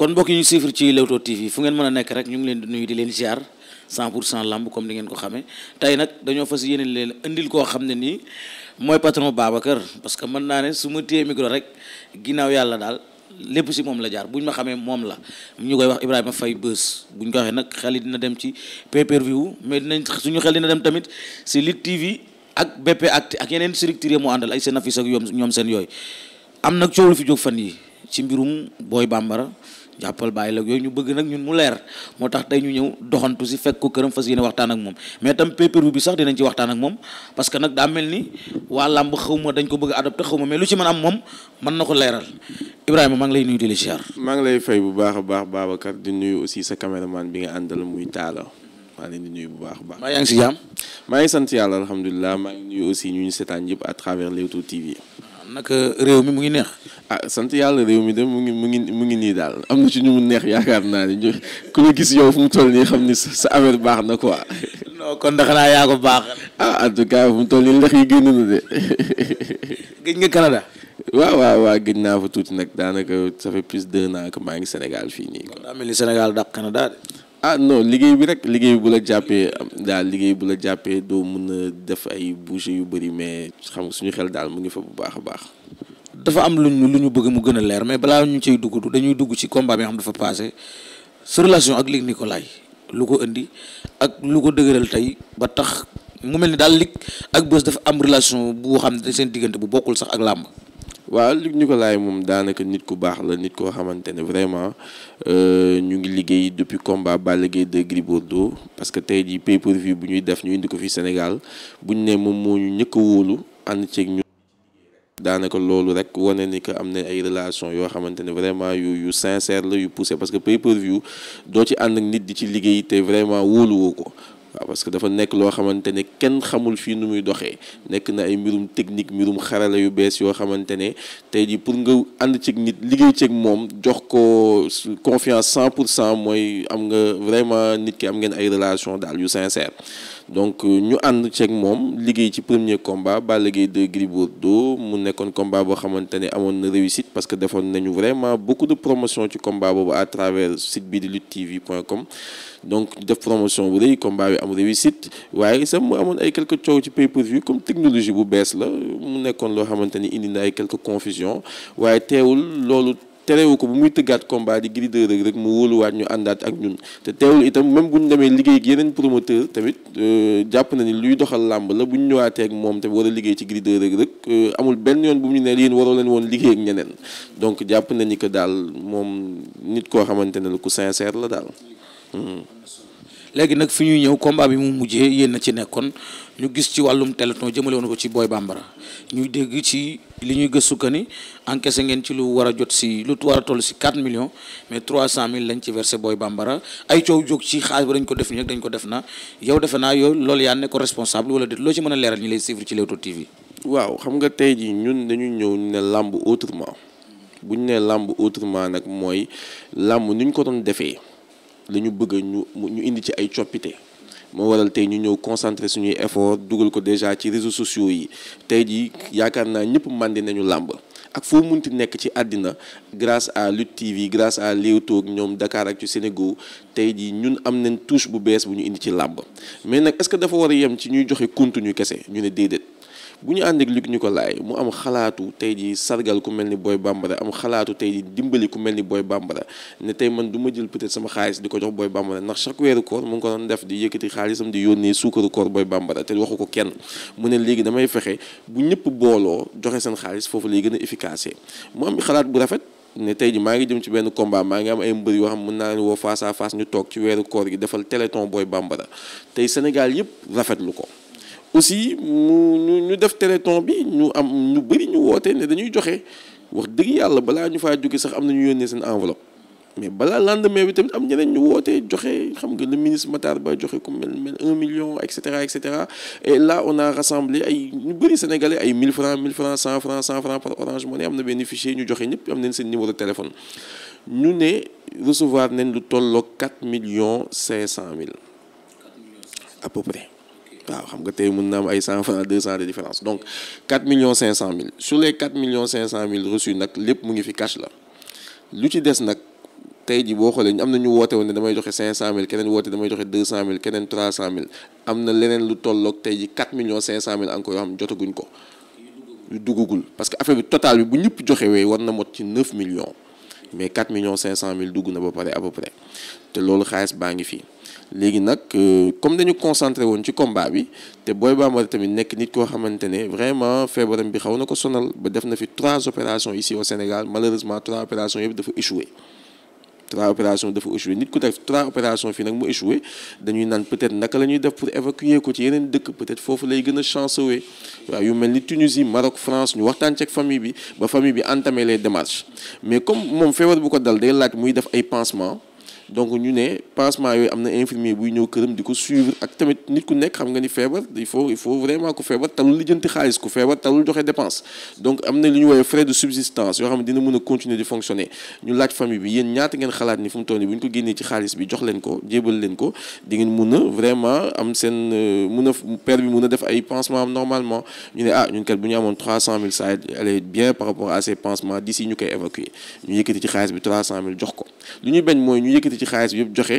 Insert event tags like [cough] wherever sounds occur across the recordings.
kon mbokk yi ñu suivre ci Leewtoo TV fu ngeen mën a nekk rek ñu ngi leen di nuyu di leen ziar 100 pour cent lamb comme ni ngeen ko xamee tey nag dañoo fas yéene leen indil koo xam ne nii mooy patron Babacar parce que mën naa ne su ma téye micro rek ginnaaw yàlla daal lépp si moom la jaar buñ ma xamee moom la mu ñu koy wax Ibrahima fay bës buñ ko waxee nag xel yi dina dem ci pay-per-view mais dinañ suñu xel dina dem tamit si Lutte TV ak BP Actu ak yeneen structure mu àndal ay seen affiche ak yoom ñoom seen yooyu am nag coow lu fan yi ci mbirum Boy Bambara jàppal bàyyi la yooyu ñu bëgg nag ñun mu leer moo tax tey ñu ñëw doxantu si fekk ko këram fas yéene waxtaan ak moom mais tam pay-per-view bi sax dinañ ci waxtaan ak moom parce que nag daa mel ni waa làmb xaw ma dañ ko bëgg a adopté xaw ma mais lu ci mën am moom mën na ko leeral Ibrahima maa ngi lay nuyu di maa ngi lay fay bu baax a baax Babacar di nuyu aussi sa caméraman bi nga àndal muy Talla maa ngi leen di baax a baax. maa yaa ngi si jàmm. maa ngi sant yàlla alhamdulilah maa ngi nuyu aussi ñu ñu seetaan yëpp à travers Leewtoo naka réew mi mu ngi neex. ah sant yàlla réew mi de mu ngi mu ngi mu ngi nii daal am na ci ñu mu neex yaakaar naa ne ku ñu gis yow fu mu toll nii xam ni sa affaire baax na quoi. kon da yaa ko baax. ah en tout cas fu toll nii lex yi génn na de. gëj nga Canada. waaw waaw waaw gëj naa fa tuuti nag daanaka ça fait plus d'un an que maa ngi Sénégal fii nii. kon daa mel ni Sénégal dàq Canada de. ah non liggéey bi rek liggéey bu la jàppee daal liggéey bu la jàppee doo mën a def ay bouger yu bëri mais xam nga suñu xel daal mu ngi fa bu baax a baax. dafa am lu luñ lu ñu bëgg mu gën a leer mais balaa ñu ciy dugg dañuy dugg ci combat bi xam dafa passé sa relation ak Luc Nicolaï lu ko indi ak lu ko dëgëral tey ba tax mu mel ni daal Luc ak Beuz dafa am relation bu xam ne seen diggante bu bokkul sax ak làmb. waaw Luc Nicolaï moom daanaka nit ku baax la nit koo xamante ne vraiment euh, ñu ngi liggéey depuis combat Balla Gaye de Gris Bordeaux parce que tey jii pay-per-view bu ñuy def ñu indi ko fi Sénégal bu ñu ne moom moo ñu ñëkk a wóolu ànd ceeg ñu daanaka loolu rek wane ni que am na ay relation yoo xamante ne vraiment yu yu sincère la yu poussé parce que pay-per-view doo ci ànd ak nit di ci liggéey tey vraiment wóoluwoo ko parce que dafa nekk loo xamante ne kenn xamul fii nu muy doxee nekk na ay mbirum technique mbirum xarala yu bees yoo xamante ne tey jii pour nga ànd ceeg nit liggéey ceeg moom jox ko confiance cent pour cent mooy am nga vraiment nit ki am ngeen ay relation daal yu sincère donc euh, ñu ànd ceeg moom liggéey ci premier combat Balla Gaye 2 Gris Bordeaux mu nekkoon combat boo xamante ne amoon na réussite parce que defoon nañu vraiment beaucoup de promotion ci combat boobu à travers site bi di luttetv.com donc def promotion bu rëy combat bi am réussite waaye sax mu amoon ay quelques coow ci pay-per-view comme technologie bu bees la mu nekkoon loo xamante ni indi na ay quelques confusion waaye teewul loolu. terewu ko bu muy tëggaat combat di grider 2 Reug mu wóoluwaat ñu àndaat ak ñun te teewul itam même bu ñu demee liggéey ak yeneen promoteur tamit euh, jàpp na ni luy doxal làmb la bu ñu ñëwaatee ak moom te war a liggéey ci Gris 2 Reug Reug amul benn yoon bu mu ñu ne yéen waroo leen woon liggéey ak ñeneen donc jàpp na ni que daal moom nit koo xamante ne la ku sincère la daal. Hmm. léegi nag fi ñuy ñëw combat bi mu mujjee yéen na ci nekkoon ñu gis ci wàllum téléthon jëmale woon ko ci Boy Bambara ñuy dégg ci li ñuy gëstu que ni encaissé ngeen ci lu war a jot si lu war toll si 4 million mais trois 300000 lañ ci versé booy Bambara ay coow jóg ci xaalis ba dañ ko def nii dañ ko def na yow defe naa yow loolu yaa ne ko responsable wala déet loo ci mën a leeral ñi lay suivre ci Leewtoo TV. waaw xam nga tey jii ñun dañu ñëw ñu ne làmb autrement bu ñu nee làmb autrement nag mooy làmb ni ko doon defee. lañu bëgg ñu mu ñu indi ci ay coppite moo waral tey ñu ñëw concentrer suñuy effort dugal ko déjà ci réseaux sociaux yi tey jii yaakaar naa ñëpp màndi nañu làmb ak foo munti nekk ci àddina grâce à Lutte TV grâce à Leewtoo ñoom Dakar ak ci Sénégal tey jii ñun am nañ touche bu bees bu ñu indi ci làmb mais nag est-ce que dafa war a yem ci ñuy joxe contenu kese ñu ne déedéet. bu ñu ànd ak Luc Nicolaï mu am xalaatu tey ji sargal ku mel ni booy Bambara am xalaatu tey ji dimbali ku mel ni booy Bambara ne tey man duma jël peut-être sama xaalis di ko jox booy Bambara ndax chaque weeru koor mu ngi ko doon def di yëkkati xaalisam di yónnee suukaru koor Boy Bambara te waxu ko kenn mu ne léegi damay fexe bu ñëpp booloo joxe seen xaalis foofu lay gën a efficace mu am xalaat bu rafet ne tey ji maa ngi jëm ci benn combat maa ngi am ay mbër yoo xam mën naa ne woo face à face ñu toog ci weeru koor gi defal téléthon Boy Bambara tey Sénégal yëpp rafetlu ko aussi mu ñu ñu def téléthon bi ñu am ñu bëri ñu wootee ne dañuy joxe wax dëgg yàlla balaa ñu faa jóge sax am na ñu yónnee seen enveloppe mais balaa lendemain bi tamit am ñeneen ñu woote joxe xam nga le ministre Matar Ba joxe ku mel mel un million et cetera et cetera et là on a rassemblé ay ñu bëri sénégalais ay 1000 francs 1000 francs 100 francs 100 francs par Orange Money am na benn ñu joxe ñëpp am nañ seen numéro téléphone ñu ne recevoir nañ lu tolloog 4 millions 500 mille à peu waaw xam nga tey mun na am ay cent francs deux cent de différence donc quatre millions cinq cent mille sur les quatre millions cinq cent mille reçus nag lépp mu ngi fi cash la lu ci des nag tey ji boo xoolee am na ñu woote woon ne damay joxe cinq cent mille keneen woote damay joxe deux cent mille keneen trois cent mille am na leneen lu tolloog tey ji quatre millions cinq cent mille encore yoo xam jotaguñ ko lu duggagul parce que affaire bi total bi bu ñëpp joxe wee war na mot ci neuf millions mais quatre millions cinq cent mille dugg na ba pare à peu près te baa ngi fii léegi nag euh, comme dañu concentré woon ci combat bi te booy Boy Bambara tamit nekk nit koo xamante ne vraiment feebaram bi xaw na ko sonal ba def na fi trois opérations ici au Sénégal malheureusement trois opérations yëpp dafa échoué. trois opérations dafa échoué nit ku def trois opérations fii nag mu échoué dañuy naan peut-être naka la ñuy def pour évacuer ko ci yeneen dëkk peut-être foofu lay gën a chancewee waaw yu mel ni Tunisie Maroc France ñu waxtaan ci famille bi ba famille bi entamé les démarches mais comme moom feebar bu ko dal day laaj muy def ay pansement donc ñu ne pansement yooyu am na infirmier buy ñëw këram di ko suivre ak tamit nit ku nekk xam nga ni feebar il faut il faut vraiment ku feebar talul lijjanti xaalis ku feebar talul joxe dépense donc am na lu ñu woowee frais de subsistance yoo xam ne dina mën a continuer di fonctionner ñu laaj famille bi yéen ñaata ngeen xalaat ni fu mu toll ñu ko génnee ci xaalis bi jox leen ko jébal leen ko di mun a vraiment am seen euh, mun a père bi mun a def ne ah bu ñu amoon 300000 ça allait bien par rapport à ci xaalis bi yëpp joxe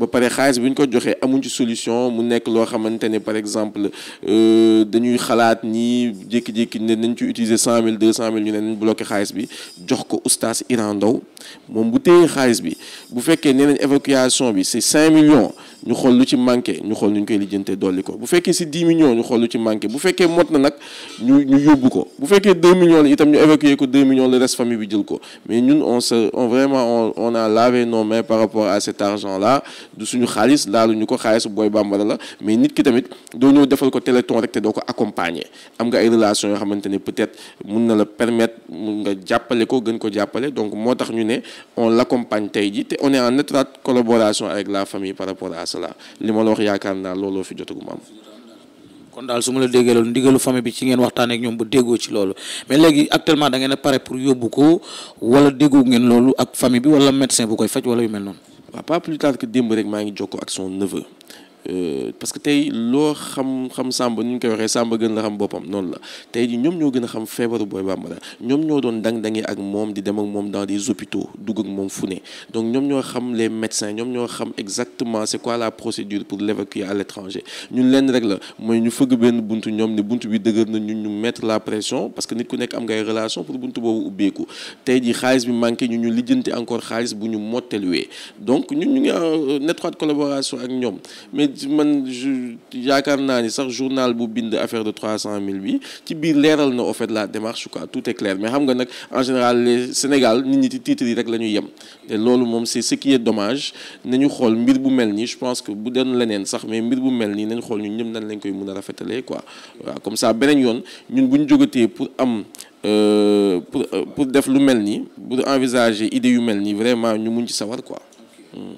ba pare xaalis bi ñu ko joxee amuñ ci solution mu nekk loo xamante ne par exemple euh, dañuy xalaat nii jékki-jékki ne nañ ci utiliser cent mille deux cent mille ñu ne nañ bloqué xaalis bi jox ko oustaz Iran Ndao moom bu téyee xaalis bi bu fekkee nee nañ évacuation bi c'est cinq millions ñu xool lu ci manqué ñu xool nu koy lijjante dolli ko bu fekkee si 10 millions ñu xool lu ci manqué bu fekkee mot na nag ñu yóbbu ko bu fekkee 2 millions la itam ñu évacuer ko 2 millions le reste famille bi jël ko mais ñun on se on vraiment on a lavé nos par rapport à cet argent là du suñu xaalis ñu ko xaalis booy bambara la mais nit ki tamit doo ñëw defal ko téléthon rek te doo ko accompagner am nga ay relations yoo xamante ne peut-être mun na la permettre mun nga jàppale ko gën ko jàppale donc moo tax ñu ne on l'accompagne tey ji te on est en étroite collaboration la famille par rapport cela li ma la wax yaakaar naa looloo fi jotaguma am. kon daal su ma la déggee loolu ndigalu famille bi ci ngeen waxtaanee ak ñoom ba déggoo ci loolu mais léegi actuellement da ngeen a pare pour yóbbu ko wala déggoo ngeen loolu ak famille bi wala médecin bu koy faj wala yu mel noonu. waaw pas plus tard que démb rek maa ngi jokkoo ak son neveu Euh, parce que tey loo xam-xam sàmba ni ñu koy waxee sàmba gën la xam boppam noonu la tey ji ñoom ñoo gën a xam feebaru Boy Bambara ñoom ñoo doon dang-dangi ak moom di dem ak moom dans des hôpitaux dugg ak moom fu ne donc ñoom ñoo xam les médecins ñoom ñoo xam exactement c'est quoi la procédure pour l'évacuer à l'étranger ñun lenn rek la mooy ñu fëgg benn buntu ñoom ne buntu bi dëgër na ñun ñu mettre la pression parce que nit ku nekk am ngay relation pour buntu boobu ubbeeku tey ji xaalis bi manqué ñu ñu lijjanti encore xaalis bu ñu motteluwee donc ñun ñu ngi en collaboration ak ñoom man yaakaar naa ni sax journal bu bind affaire de trois cent mille bi ci biir leeral na au la démarche quoi tout est clair mais xam nga nag en général les Sénégal nit ñi ci titre yi rek la ñuy yem te loolu moom c'est ce qui est dommage nañu xool mbir bu mel nii je pense que bu doon leneen sax mais mbir bu mel nii nañ xool ñu ñëpp nañ lañ koy mën a rafetalee quoi waaw comme ça beneen yoon ñun bu ñu jógatee pour am euh, pour euh, pour def lu mel nii pour envisager idée yu mel nii vraiment ñu mun sawar quoi. Hmm.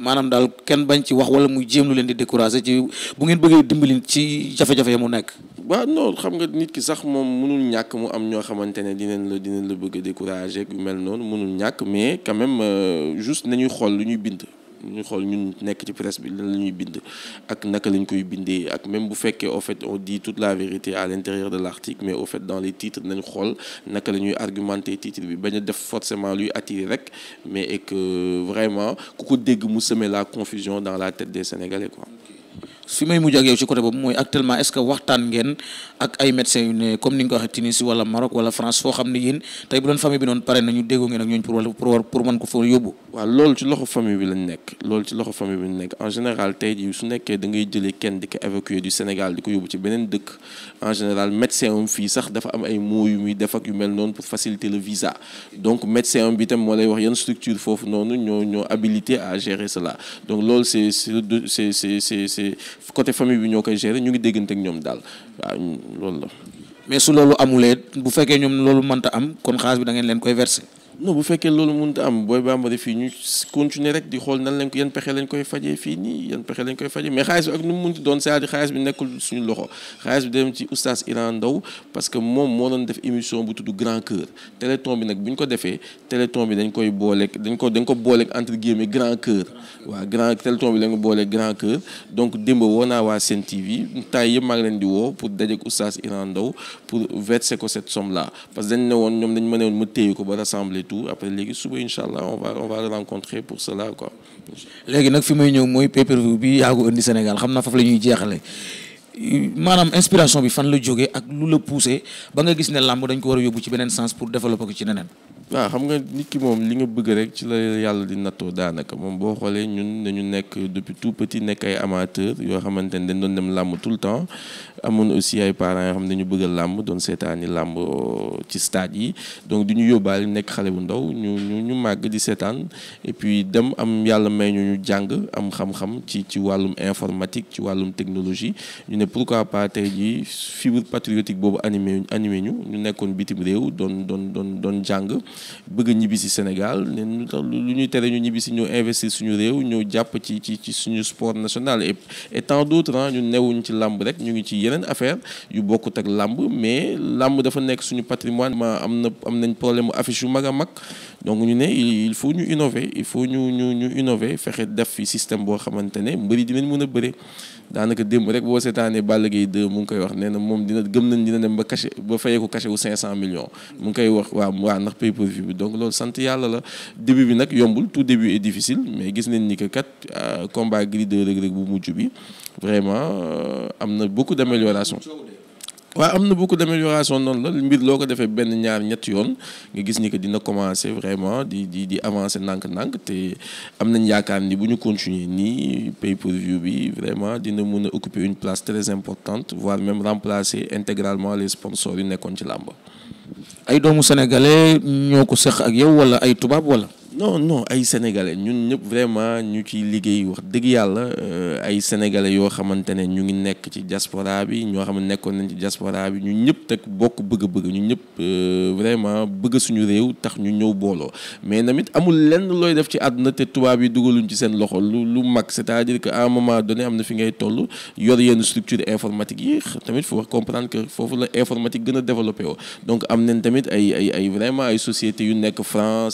maanaam daal kenn bañ ci wax wala muy jéem lu leen di décourager ci bu ngeen bëggee dimbali ci jafe-jafe ya mu nekk. waaw non xam nga nit ki sax moom mënul ñàkk mu am ñoo xamante ne dinañ la dinañ la bëgg a décourager yu mel noonu mënul ñàkk mais quand même euh, juste nañuy xool lu ñuy bind. ñu xool ñun nekk ci presse bi lan la ñuy bind ak naka lañ koy bindee ak même bu fekkee au fait on dit toute la vérité à l'intérieur de l'article mais au fait dans les titres nañ xool naka la ñuy argumenter titre bi bañ a def forcément luy attirer rek mais et que vraiment ku ko dégg mu semer la confusion dans la tête des Sénégalais quoi fi may mujj ak yow ci côté boobu mooy actuellement est-ce que waxtaan ngeen ak ay médecins yu ne comme ni nga ko waxee Tunisie wala Maroc wala France foo xam ne yéen tey bu doon famille bi noonu pare nañu déggoo ngeen ak ñooñu loolu ci loxo famille bi lañ nekk loolu ci loxo famille bi lañ nekk en général tey jii su nekkee dangay ngay jëlee kenn di ko évacuer du Sénégal di ko yóbbu ci beneen dëkk en général médecin am fii sax dafa am ay mots yu muy def ak yu mel noonu pour faciliter le visa donc médecin am bi tam moo lay wax yan structure foofu noonu ñoo ñoo habilité à gérer cela donc loolu c'est c'est c'est c'est côté famille bi ñoo koy gérer ñu ngi déggante ak ñoom daal waaw loolu la. mais su loolu amulee bu fekkee ñoom loolu mënta am kon xaalis bi da ngeen leen koy verser. non bu fekkee loolu mënut am booy bambara fii ñu continuer rek di xool nan lañ ko yan pexe lañ koy fajee fii nii yan pexe lañ koy fajee mais xaalis bi ak nu mu munti doon c'est-à-dire xaalis suñu loxo xaalis dem ci oustaz Iran Ndaw parce que moom moo doon def émission bu tudd Grand Cœur téléthon bi nag bu ñu ko defee téléthon bi dañ koy booleeg dañ ko dañ ko booleeg entre guillemets Grand Cœur waaw grand téléthon bi lañ ko booleeg Grand Cœur donc démb woo naa waa Sen TV tay yëpp maa ngi leen di woo pour dajeeg oustaz Iran Ndaw pour verser ko cette somme là parce que dañ ne woon ñoom dañ ma ne woon ma téye ko ba rassembler tout après léegi suba incha allah on va on va pour cela quoi. léegi nag fi may ñëw mooy pay bi yaa ko indi Sénégal xam naa foofu la ñuy jeexale maanaam inspiration bi fan la jógee ak lu la poussé ba nga gis ne làmb dañ ko war a yóbbu ci beneen sens pour développer ko ci neneen. waaw xam nga nit ki moom li nga bëgg rek ci la yàlla di nattoo daanaka moom boo xoolee ñun ñu nekk depuis tout petit nekk ay amateur yoo xamante ne dañ doon dem làmb tout le temps amoon aussi ay xam dañu bëgg a làmb doon seetaani làmb ci stade yi donc du ñu yóbbaale nekk xale bu ndaw ñu ñu ñu màgg di seetaan et puis dem am yàlla may ñu ñu jàng am xam-xam ci ci wàllum informatique ci wàllum technologie pourquoi pas tey jii fibre patriotique boobu animé animé ñu ñu nekkoon bitim réew doon doon doon doon jàng bëgg a ñibbi si Sénégal ne lu tax ñuy tere ñu ñibbi si ñëw investir suñu réew ñëw jàpp ci ci ci suñu sport national et et tant d'autres ah ñu newuñ ci làmb rek ñu ngi ci yeneen affaire yu bokkut ak làmb mais làmb dafa nekk suñu patrimoine ma am na am nañ problème affiche yu mag a mag donc ñu ne il faut ñu innover il faut ñu ñu ñu innover fexe def fi système boo xamante ne mbëri dinañ mën a bëre daanaka démb rek boo seetaanee Balla Gaye 2 mu ngi koy wax nee na moom dina gëm nañ dina dem ba cachet ba fayeeku cachet wu 500 millions mu ngi koy wax waaw waaw ndax pay per bi donc loolu sant yàlla la début bi nag yombul tout début est difficile mais gis nañ ni que kat euh, combat Gris 2 Reug Reug bu mujj bi vraiment euh, am na beaucoup d'amélioration waaw am na beaucoup d'amélioration noonu la mbir loo ko defee benn ñaar ñett yoon nga gis ni que dina commencer vraiment di di di avancer ndànk-ndànk te am nañ yaakaar ni bu ñu continuer nii pay-per-view bi vraiment dina mën a occuper une place très importante voire même remplacer intégralement les sponsors yu nekkoon ci làmb ay doomu sénégalais ñoo ko seq ak yow wala ay tubaab wala. non non ay sénégalais ñun ñëpp vraiment ñu ci liggéey wax dëgg yàlla euh, ay sénégalais yoo xamante ne ñu ngi nekk ci diaspora bi ñoo xam ne nekkoon nañ ci bi ñu ñëpp teg bokk bëgg-bëgg ñu ñëpp euh, vraiment bëgg suñu réew tax ñu ñëw booloo mais tamit amul lenn looy def ci àdduna te tubaab yi dugaluñ ci seen loxo lu lu mag c'est-à-dire que à un moment donné am na fi ngay toll yor yenn structure informatique yi tamit foo comprendre que foofu la informatique gën a développé woo donc am nañ ay ay yu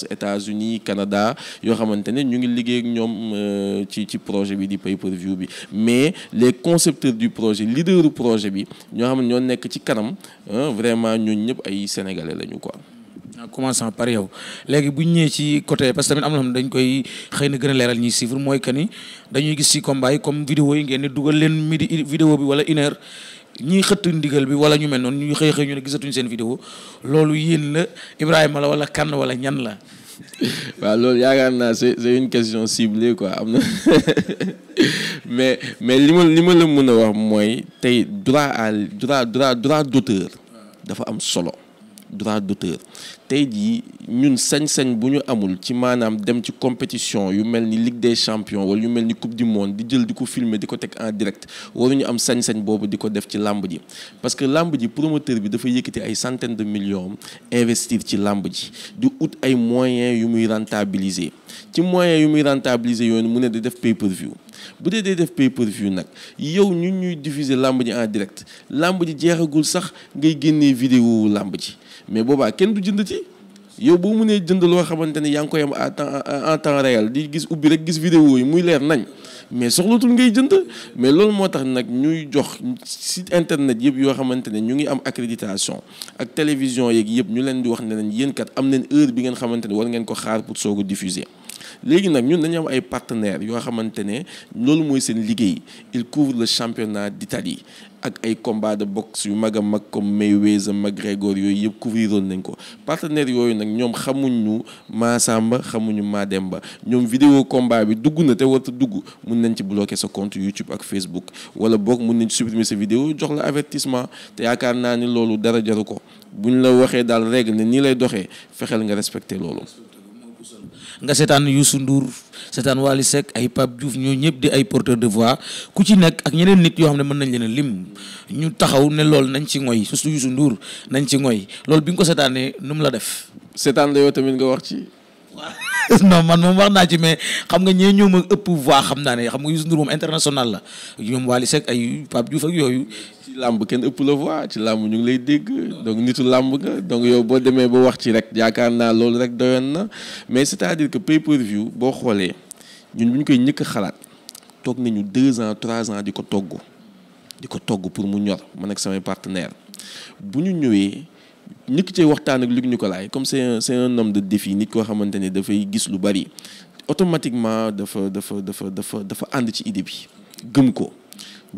nekk Canada yoo xamante ne ñu ngi liggéey ñoom euh, ci ci projet bi di pay per view bi mais les concepteurs du projet leader projet bi ñoo xam ñoo nekk ci kanam vraiment ñooñu ñëpp ay sénégalais lañu quoi. en ah, commençant par yow léegi bu ñu ñëwee ci coté parce que tamit am na xam dañ koy xëy na gën a leeral ñuy suivre mooy que ni dañuy gis ci combat yi comme vidéo yi ngeen ne dugal leen midi vidéo bi wala une heure ñiy xëtt ndigal bi wala ñu mel noonu ñuy xëy xëy ñu ne gisatuñ seen vidéo loolu yéen la Ibrahima kan wala ñan la. waaw [laughs] loolu yaakaar naa c'est c'est une question ciblée quoi am na [laughs] mais mais li ma li ma la mën a wax mooy tey droit à droit droit droit d'auteur dafa am solo droit d'auteur tey jii ñun sañ-sañ bu ñu amul ci maanaam dem ci compétition yu mel ni Ligue des champions wala yu mel ni coupe du monde di jël di ko filmer di ko teg en direct ñu am sañ-sañ boobu di ko def ci làmb ji parce que làmb ji promoteur bi dafa yëkkati ay centaines de millions investir ci làmb ji di ut ay moyens yu muy rentabiliser ci moyens yu muy rentabiliser yoonu mu ne di def pay-per-view bu dee day def pay per view nag yow ñu ñuy diffuser làmb ji en direct làmb ji jeexagul sax ngay génnee vidéo làmb ji mais boobaa kenn du jënd ci yow boo nee jënd loo xamante ne yaa ngi koy am en temps en temps réel di gis ubbi rek gis vidéo yi muy leer nañ mais soxlatul ngay jënd mais loolu moo tax nag ñuy jox site internet yëpp yoo xamante ne ñu ngi am accréditation ak télévision yeeg yëpp ñu leen di wax ne leen yéen kat am nañ heure bi ngeen xamante ne war ngeen ko xaar pour soog a léegi nag ñun dañu am ay partenaires yoo xamante ne loolu mooy seen liggéey il couvre le championnat d'Italie ak ay combat de boxe yu mag a mag comme Mayweather McGregor yooyu yëpp couvriroon nañ ko partenaires yooyu nag ñoom xamuñu maa Samba xamuñu maa Demba ñoom vidéo combat bi dugg na te warta dugg mun nañ ci bloquer sa compte YouTube ak Facebook wala boog mun nañ ci supprimer sa vidéo jox la avertissement te yaakaar naa ni loolu dara jaru ko buñ la waxee daal règle ne nii lay doxee fexeel nga respecter loolu nga seetaan Youssou nduur seetaan Wally Seck ay pap Diouf ñoo ñëpp di ay porteur de voix ku ci nekk ak ñeneen nit yoo xam ne mën nañ leen a lim ñu taxaw ne loolu nañ ci ngoy surtout Youssou Ndour nañ ci ngoy loolu bi nga ko seetaanee nu mu la def. seetaan la yow tamit nga wax ci. [laughs] non man moom wax naa ci mais xam nga ñee ñoom ak ëpp voix xam naa ne xam nga Youssou Ndour moom international la ñoom Wally Seck ay Pape Diouf ak yooyu ci làmb kenn ëpp la voix ci làmb ñu ngi lay dégg donc nitu làmb nga donc yow boo demee ba wax ci rek yaakaar naa loolu rek doyan na mais c'est-à-dire que pay-per-view boo xoolee ñun bu ñu koy ñëkk xalaat toog nañu deux ans trois ans di ko togg di ko togg pour mu ñor man ak samay partenaire bu ñu ñëwee ñëkk cee waxtaan ak Luc Nicolaï comme c'est un c'est un homme de défi nit koo xamante ne dafay gis lu bari automatiquement dafa dafa dafa dafa dafa ànd ci idée bi gëm ko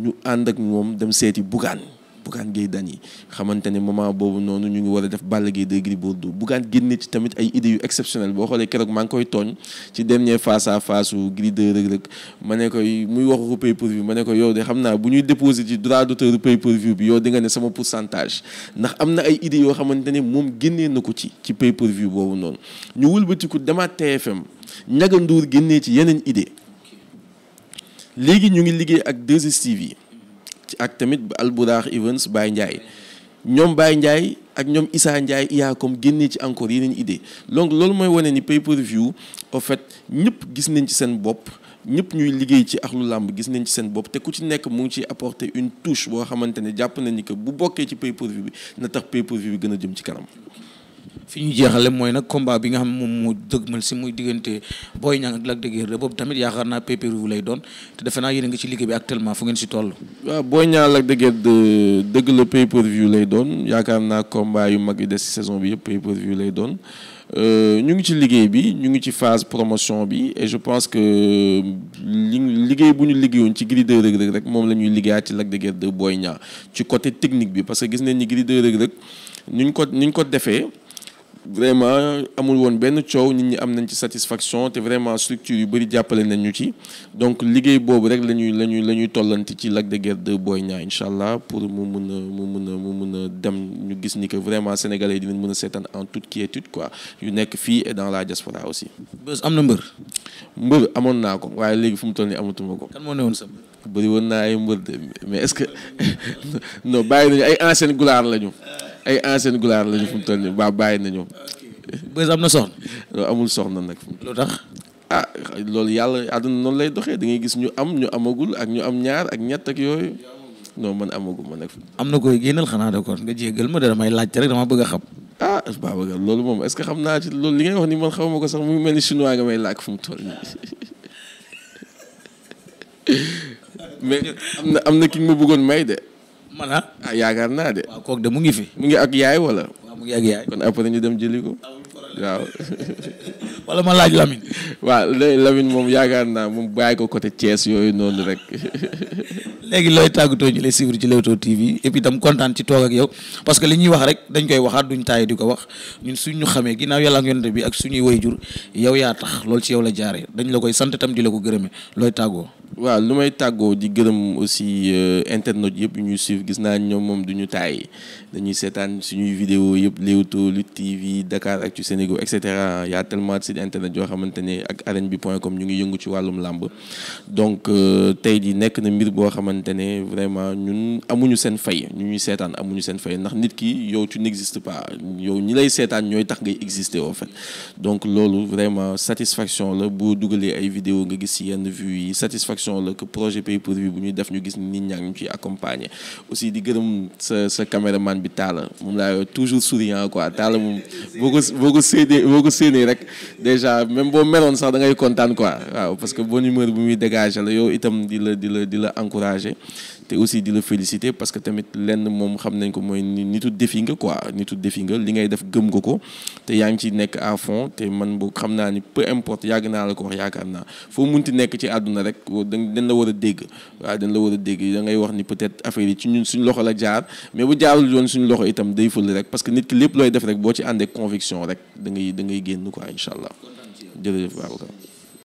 ñu ànd ak moom dem seeti Bougane Bougane Gueye Dany xamante ne moment boobu noonu ñu ngi war a def Balla Gaye 2 Gris Bordeaux Bougane génne ci tamit ay idées yu exceptionnelles boo xoolee keroog maa ngi koy tooñ ci dernier face à face u Gris 2 ma ne koy muy waxu ko pay per ma ne ko yow de xam naa bu ñuy déposé ci droit d'auteur pay per view bi yow di ne sama pourcentage ndax am na ay idées yoo xamante ne moom génnee na ko ci ci pay per view boobu noonu ñu wëlbatiku demaat TFM ñaganduur génnee ci yeneen idée léegi ñu ngi liggéey ak 2STV yi ci ak tamit Albourakh Events baay Ndiaye ñoom baay Ndiaye ak ñoom Issa Ndiaye yaa comme génnee ci encore yeneen idée donc loolu mooy wane ni pay per view en fait ñëpp gis nañ ci seen bopp ñëpp ñuy liggéey ci axlu làmb gis nañ ci seen bopp te ku ci nekk mu ngi ciy apporter une touche boo xamante ne jàpp nañ ni que bu bokkee ci pay per view bi na tax pay per view bi gën a jëm ci kanam. fi ñu jeexale mooy nag combat bi nga xam moom moo dëgmal si muy diggante Boy Niang ak Lac de Guiers boobu tamit yaakaar naa PPV lay doon te defe naa yéen a ngi ci liggéey bi actuellement fu ngeen si toll. waaw Boy Niang Lac de Guiers dëgg la lay doon yaakaar naa combat yu mag des si saison bi yëpp PPV lay doon euh, ñu ngi ci liggéey bi ñu ngi ci phase promotion bi e je pense que li liggéey bu ñu liggéeyoon ci Gris 2 Reug rek moom la ñuy liggéeyaat ci Lac de Guiers 2 Boy ci côté technique bi parce que gis neen ni Gris 2 Reug Reug ñu ko ñu ko defee. vraiment amul woon benn coow nit ñi am nañ ci satisfaction te vraiment structure yu bëri jàppale nañ ñu ci donc liggéey boobu rek la ñuy la ñuy la ñuy tollanti ci Lac de Guiers 2 Boy Niang incha allah pour mu mun a mu mun a mu mun a dem ñu gis ni que vraiment sénégalais yi dinañ mën a seetaan en toute quiétude quoi yu nekk fii et dans la diaspora aussi. bés am na mbër. mbër amoon naa ko waaye léegi fu mu toll ni amatuma ko. kan moo newoon sa mbër. bëri woon naa ay mbër de mais est-ce que [laughs] no bàyyi nañu ay anciennes gloires lañu. ay ancienne gulaar lañu fu mu toll nii ba bàyyi na ñoom. am na soxna. amul soxna nag. lu tax. ah loolu yàlla àdduna noon lay doxee dangay gis ñu am ñu amagul ak ñu am ñaar ak ñett ak yooyu non man amagul ma nag. am na koy génnal xanaa d'accord nga jéggal ma de damay laajte rek dama bëgg a xam. ah Babacar loolu moom est-ce que xam naa ci loolu li ngay wax ni man xaw ma ko sax mu mel ni chinois nga may làkk fu toll nii [laughs] mais am na am na ki ma bëggoon may de. man ah. ah yaakaar naa de. waaw de mu ngi fi. mu ngi ak yaay wala. mu ngi ak kon après ñu dem jëli ko. waaw. [laughs] wala ma laaj Lamine. waaw léegi Lamine moom yaakaar naa moom bàyyi ko côté Thiès yooyu noonu rek. [laughs] léegi looy tàggatoo ñu lay suivre ci Leewtoo TV et puis tam kontaan ci toog ak yow parce que li ñuy wax rek dañ koy waxaat duñ taay di ko wax ñun suñ ñu xamee ginnaaw yàlla ak yonent bi ak suñuy wayjur yow yaa tax loolu ci yow la jaaree dañ la koy sant tam di la ko gërëme looy tàggoo. waaw lu may tàggoo di gërëm aussi euh, internet yëpp ñu suivre gis naa ñoom moom du ñu taay dañuy seetaan suñuy vidéo yëpp Leewtoo Lutte TV Dakar Actu Sénégal et cetera yaa a tellement de sites internet yoo xamante ne ak arène bi comme ñu ngi yëngu ci wàllum làmb donc euh, boo xamante xamante ne vraiment ñun amuñu seen fay ñu ñuy seetaan amuñu seen fay ndax nit ki yow tu n'existes pas yow ñi lay seetaan ñooy tax ngay existe en fait donc loolu vraiment satisfaction la boo dugalee ay vidéo nga gis si yenn vues yi satisfaction la que projet Pays bu ñuy def ñu gis nit ñaa ngi ñu ciy accompagner aussi di gërëm sa sa caméraman bi Talla moom laa toujours souriant quoi Talla moom boo ko boo ko rek déjà même boo meloon sax da ngay kontaan quoi que bonne humeur muy dégager la yow itam di la di la encourage engagé te aussi di la féliciter parce que tamit lenn moom xam nañ ko mooy nitu défi nga quoi nitu défi nga li ngay def gëm nga ko te yaa ngi ci nekk à fond te man boo xam naa ni peu importe yàgg naa la ko wax yaakaar naa foo mun munti nekk ci àdduna rek dañ la war a dégg waaw dañ la war a dégg da ngay wax ni peut-être affaire yi ci ñun suñ loxo la jaar mais bu jaarul yoon suñ loxo itam day fël rek parce que nit ki lépp looy def rek boo ci àndee conviction rek da ngay da ngay génn quoi incha allah jërëjëf Babacar